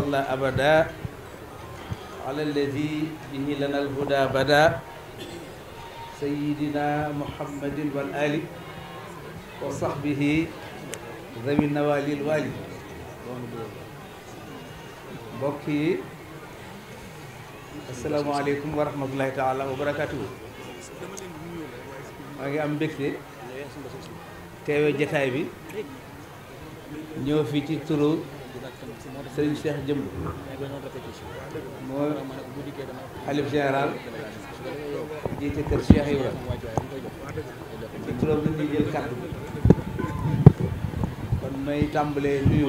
صلى أبدا على الذي به لنا الهدى بدا سيدنا محمد والآل وصحبه ذوي النوالي الوالي بكي السلام عليكم ورحمة الله تعالى وبركاته maa أم am تيوي جتايبي jataay bi ci turu sëriñ Cheikh Jëmb mooy xalif général jiite kër Cheikh Ibra ci turam la ñuy jël kàddu kon may tàmbalee nuyu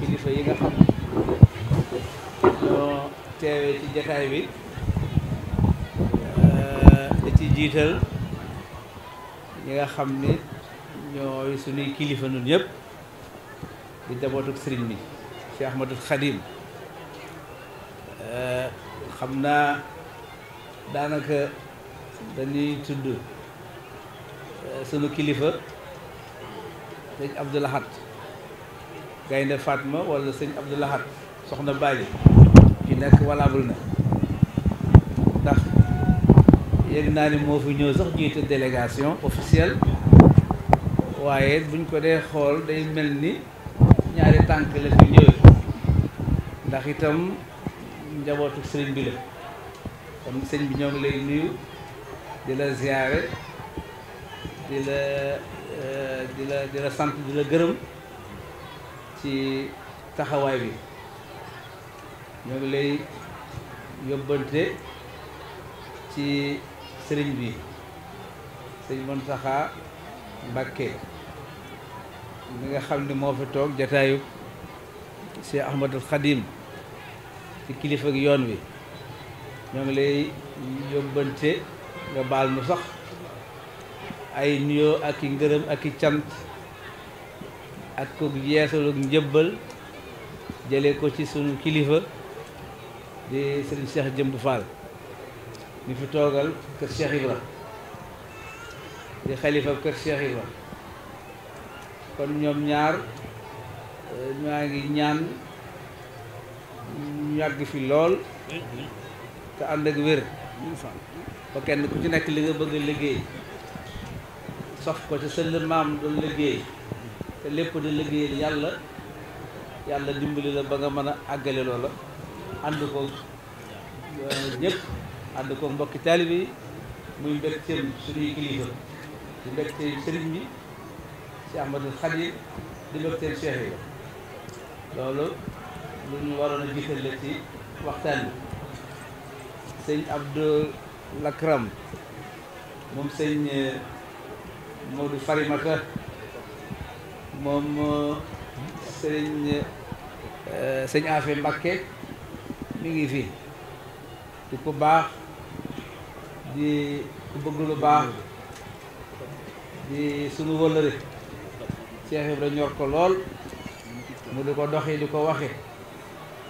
kilifa yi nga xam ñoo teewee ci jataay bi da ci jiital ñi nga xam ni ñooy suñuy kilifa nun yëpp di jabootuk sëriñ bi ci Ahmadul Xadim xam naa daanaka dañuy tudd sunu kilifa sëñ Abdou Lahad Gaynde Fatma wala sëñ Abdou Lahad soxna Baaji ki nekk valable na ndax yëg naa ni moo fi ñëw sax jiite délégation officielle waaye buñ ko dee xool day mel ni ñaari tànk la ñëwee ndax itam njabootu sëriñ bi la kon sëñ bi ñoo ngi lay nuyu di la ziyaare euh, di la di la sant di la gërëm ci taxawaay bi ñoo ngi lay yóbbante ci sëriñ bi sëñ Mountakha Mbacké mi nga xam ni moo fi toog jataayu Cheikh Ahmadul Khadim ci kilifa yoon wi ñoo lay yóbbante nga baal mu sax ay nuyoo ak i ngërëm ak i cant ak ko yeesalug njëbbal jële ko ci sunu kilifa di sëriñ Cheikh Jëmbu Fall mi fi toogal kër Cheikh Ibra di xalifa kër Cheikh Ibra kon ñoom ñaar eh, ñaa ngi ñaan ñu yàgg fi lool te ànd ak wér ba kenn ku ci nekk li nga bëgg a liggéey sof ko ci seen maam doon liggéey te lépp di liggéeyal yàlla yàlla dimbali la ba nga mën a àggale la ànd ko eh, ñëpp ànd ko mbokki taalibe yi muy mbégteem suñuy kilifa di mbégteem sëriñ bi ci Ahmadul Xadim di mbëgteel Cheikh yi loolu lu ñu waroon a jiital la ci waxtaan bi sëñ Abdou Lakram moom sëñ eh, Modou Farimaka moom eh, sëñ eh, sëñ Afe Mbakke mi ngi fi di ko baax di ku bëgg lu baax di sunu wëllëre Cheikh Ibra ñor ko lool mu di ko doxee di ko waxe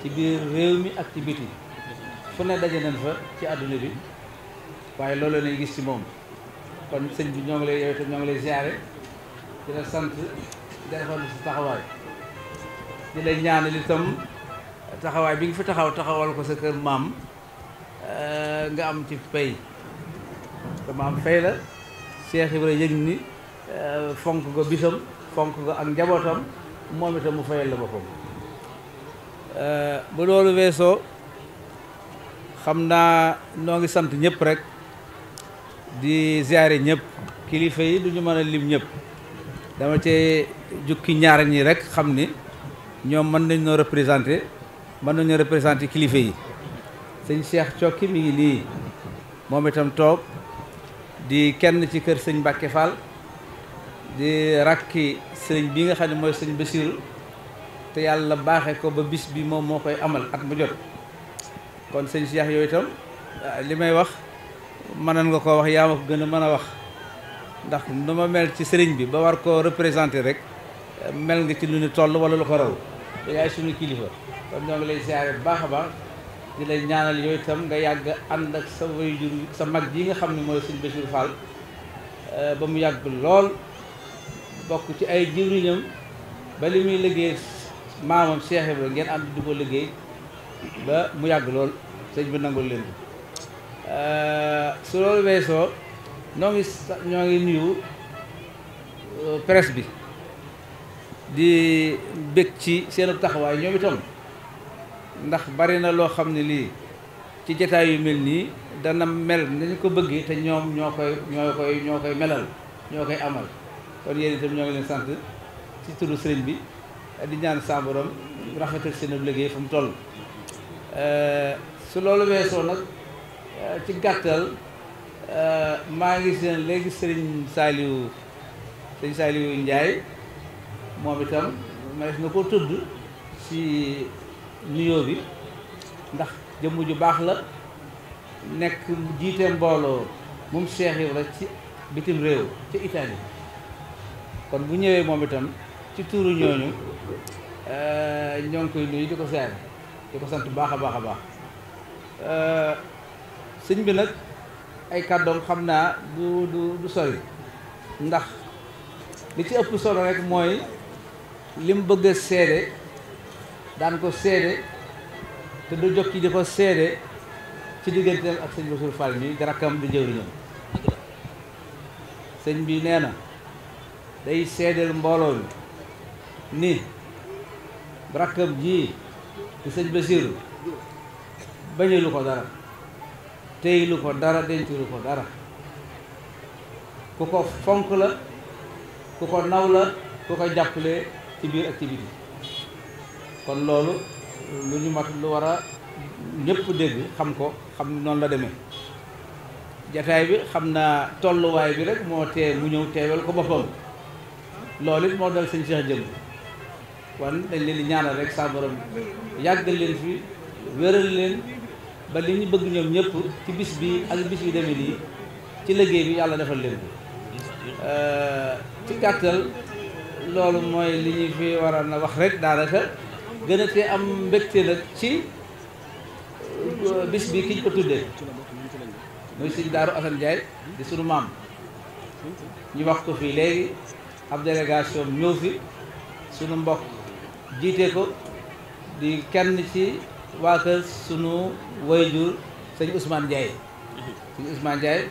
ci biir réew mi ak ci biti fu ne daje nañ fa ci àdduna bi waaye loolu lay gis ci moom kon sëñ bi ñoo ngi lay yow ñoo ngi lay ziare di la sant di rafetlu sa taxawaay di la ñaanal itam taxawaay bi nga fi taxaw taxawal ko sa kër maam eh, nga am ci pay te maam fay la Cheikh Ibra yëg ni eh, fonk nga bisam donc nga ak njabootam moom itam mu fayal la boppam eh, bu loolu weesoo xam naa noo ngi sant ñëpp rek di ziare ñëpp kilifa yi du ñu mën a lim ñëpp dama ci jukki ñaar ñi rek xam ni ñoom mën nañ noo représenté mën nañu noo représenté kilifa yi sëñ Cheikh Cokki mi ngi nii moom itam toog di kenn ci kër sëñ Mbàkke Fall di rakki sëriñ bi nga xam ne mooy sëñ Basiiru te yàlla baaxe ko ba bis bi moom moo koy amal at mu jot kon sëñ si yaax yooyu itam ah, li may wax mën mënoon nga koo wax yaa ma ko gën a mën a wax ndax nu ma mel ci sëriñ bi ba war ko représenté rek mel nga ci lu ni toll wala lu ko raw te suñu kilifa kon ñoo ngi lay siyaare bu baax a baax di lay ñaanal yooyu itam nga yàgg ànd ak sa waajur sa mag ji nga xam ne mooy sëñ Basiiru Fall eh, ba mu yàgg lool bokk ci ay jëwriñam ba li muy liggéey maamam Cheikh Ibra ngeen ànd di ko liggéey ba mu yàgg lool sëñ bi nangul leen su loolu weesoo ñoo ngi ñoo ngi nuyu euh, presse bi di bég ci seen taxawaay ñoom itam ndax bari na loo xam ne lii ci jataay yu mel nii dana mel nañu ko bëggee te ñoom ñoo koy ñoo koy ñoo koy melal ñoo koy amal kon yéen itam ñoo ngi leen sant ci turu sëriñ bi di ñaan sa borom rafetal seen ab liggéey fa mu toll euh, su loolu weesoo nag euh, ci gàttal euh, maa ngi seen léegi sëriñ Saliou sëriñ Saliou Ndiaye moom itam manees na ko tudd ci nuyoo bi ndax jëmm ju baax la nekk jiite mbooloo moom Cheikh Ibra ci bitim réew ci Italie kon bu ñëwee moom itam ci tuuru ñooñu eh, ñoo ngi koy nuyu ko seer di ko sant baax a baax a baax eh, sëñ bi nag ay kàddoom xam naa du du sori ndax li ci ëpp solo rek mooy lim bëgg seere daan ko seere te du jot ci di ko seede ci digganteem ak sëñ Bassirou Fall mi di rakkam di jëwriñam sëñ bi nee na day seedeel mbooloo mi ni jii ji di sëñ Basiiru bañalu ko dara tey ko dara denc lu ko dara ku ko fonk la ku ko naw la ku ko jàppale ci biir activité kon loolu lu ñu mat lu war a ñëpp dégg xam ko xam noonu la deme jataay bi xam naa tolluwaay bi rek moo tee mu ñëw teewal ko boppam loolu moo dal sëñ Cheikh Jëmb wan dañ leen di ñaanal rek saa borom yàggal leen fi wéral leen ba li ñu bëgg ñoom ñëpp ci bis bi ak bis yu demee nii ci liggéey bi yàlla defal leen ko ci gàttal loolu mooy li ñu fi waroon a wax rek daanaka gën a te am mbégte nag ci bis bi kiñ ko tuddee muy sëñ Daaru Asan Njaay di sunu maam ñu wax ko fii léegi ab délégation ñëw fi sunu mbokk jiite ko di kenn ci waa kër sunu wayjur sëñ usmaan Ndiaye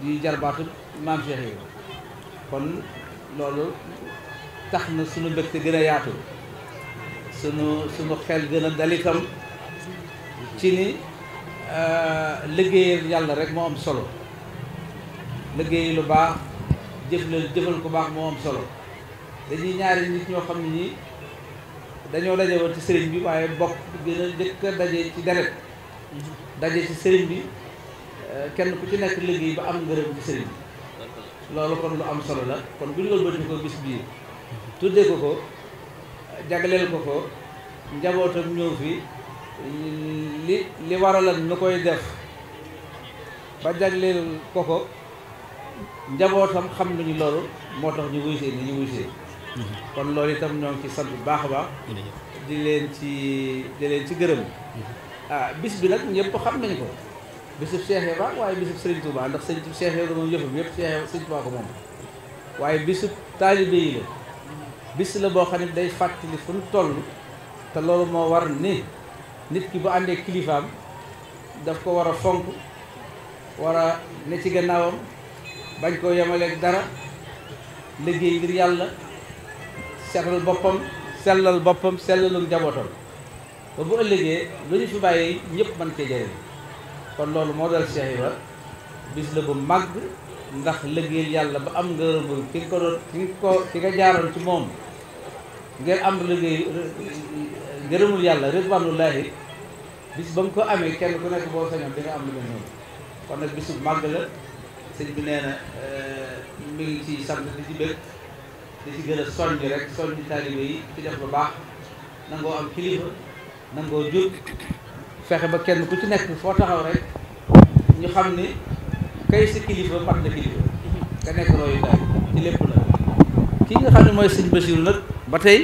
di jarbaatu maam Cheikh yi kon loolu tax na sunu mbégte gën a yaatu sunu sunu xel gën a dalikam ci ni euh, liggéeyal yàlla rek moo am solo liggéey lu baax jëflal jëfal ko baax moo solo dañuy ñaari nit ñoo xam ne nii dañoo daje ci sëriñ bi waaye bokk gën a daje ci deret daje ci sëriñ bi eh, kenn ku ci nekk liggéey ba am ngërëm ci sëriñ bi loolu kon lu am solo la kon bu ñu wëlbati ko bis bii tuddee ko ko jagleel ko ko njabootam ñëw fi li li waralan ñu koy def ba jagleel ko ko njabootam xam nañu loolu moo tax ñu wuysee ni ñu wuysee mhm. kon lool itam ñoo ngi ci sant bu baax a baax di leen ci di leen ci gërëm mhm. ah bis bi nag ñëpp xam nañu ko bisub Cheikh Ibra waaye bisub Serigne Touba ndax Serigne Cheikh Ibra moom yëfam yëpp Cheikh Serigne ko moom waaye bisub taalibe yi la bis la boo xam ne day fàttali fu ñu toll te loolu moo war ni nit ki bu àndee kilifaam daf ko war a fonk war a ne ci gannaawam bañ koo yemaleeg dara liggéey ngir yàlla setal boppam sellal boppam sellalum njabootam ba bu ëllëgee lu ñu fi bàyyi ñëpp man cee jëriñ kon loolu moo dal Cheikh la bis la bu màgg ndax liggéeyal yàlla ba am ngërëmul ki nga ko doon ki nga ko ki nga jaaroon ci moom ngeen am liggéey ngërëmul yàlla ridwanullahi bis ba nga ko amee kenn ku nekk boo sañoon di nga am lu mel noonu kon nag bisu màgg la sëñ bi nee na mi ngi ciy sant di ci bëgg di ci gën a soññ rek soññ taalibe yi ci def lu baax nangoo am kilifa nango jub fexe ba kenn ku ci nekk foo taxaw rek ñu xam ni kay sa kilifa mat na kilifa nga nekk rooyu daay ci lépp la ki nga xam ne mooy sëñ Basiru nag ba tey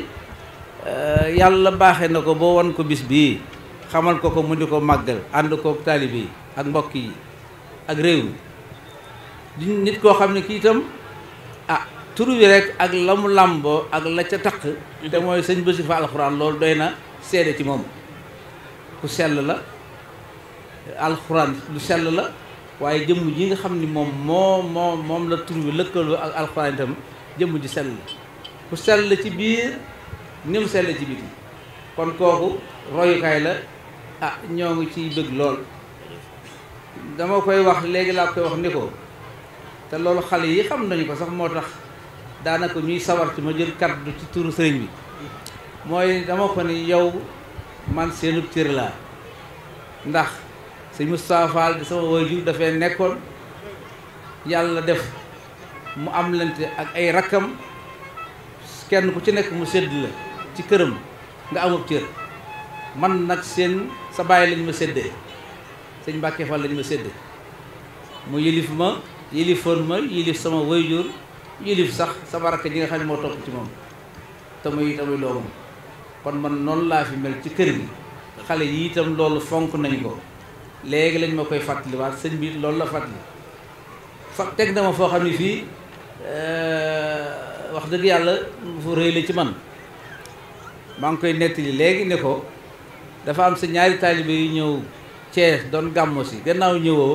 eh, yàlla baaxee na ko boo wan ko bis bii xamal ko ko mu ko màggal ànd ko taalibe ak mbokk yi ak réew mi di nit koo xam ne kii itam ah tur wi rek ak la mu làmboo ak la ca taq te mooy sëñ Bassirou Fall alxuraan loolu doy na seede ci moom ku sell la alxuraan lu sell la waaye jëmm ji nga xam ni moom moo moom la tur wi lëkkaloo ak alxuraan itam jëmm ji sell la ku sell ci biir ni mu sell ci biti kon kooku royukaay la ah ñoo ngi ciy bëgg lool dama koy wax léegi laa koy wax ni ko te loolu xale yi xam nañu ko sax moo tax daanaka ñuy sawar ci ma jël kaddu ci turu sëriñ bi mooy dama ko ni yow man seenub cër laa ndax sëñ Moustapha Fall di sama waajur dafay nekkoon yàlla def mu am lante ak ay rakkam kenn ku ci nekk mu sedd la ci këram nga amub cër man nag seen sa bàyyi lañ ma séddee sëñ Mbàkke Fall lañ ma séddee mu yëlif ma yilifoon ma yilif sama wayjur yilif sax sama rakk ji nga xam ne moo topp ci moom te muy tamuy doomam kon man noonu laa fi mel ci kër gi xale yi itam loolu fonk nañ ko léegi lañ ma koy fàttaliwaat sëñ bi loolu la fàttali fa teg na ma foo xam ne fii euh, wax dëgg yàlla fu rëy la ci man maa ngi koy nettali léegi ne ko dafa am sa ñaari taalibe yu ñëw Cees doon gàmmo si gannaaw ñëwoo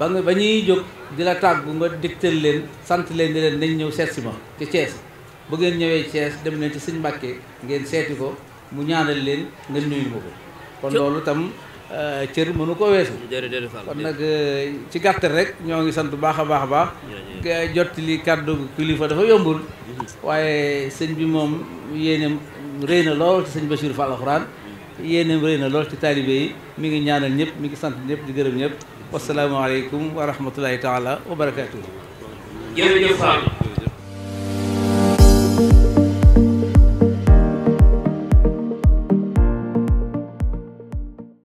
ba nga ba ñuy jóg di la tàggu nga digtal leen sant leen di leen nañ ñëw seet si ma ci cees bu ngeen ñëwee cees dem leen ci sëñ Mbàkke ngeen seeti ko mu ñaanal leen nga nuyu ma ko kon loolu tam euh, cër mënu ko weesu kon nag euh, ci gàttal rek ñoo ngi sant bu baax a baax a baax jottali kàddu kilifa dafa yombul mhm. waaye sëñ bi moom yéenem rëy na lool ci sëñ Bachir Fall Alxuraan yéenem rëy na lool ci taalibe yi mi ngi ñaanal ñëpp mi ngi sant ñëpp di gërëm ñëpp wasalaamualeykum wa rahmatulahi taala wa barakaatu. jërëjëf Fall.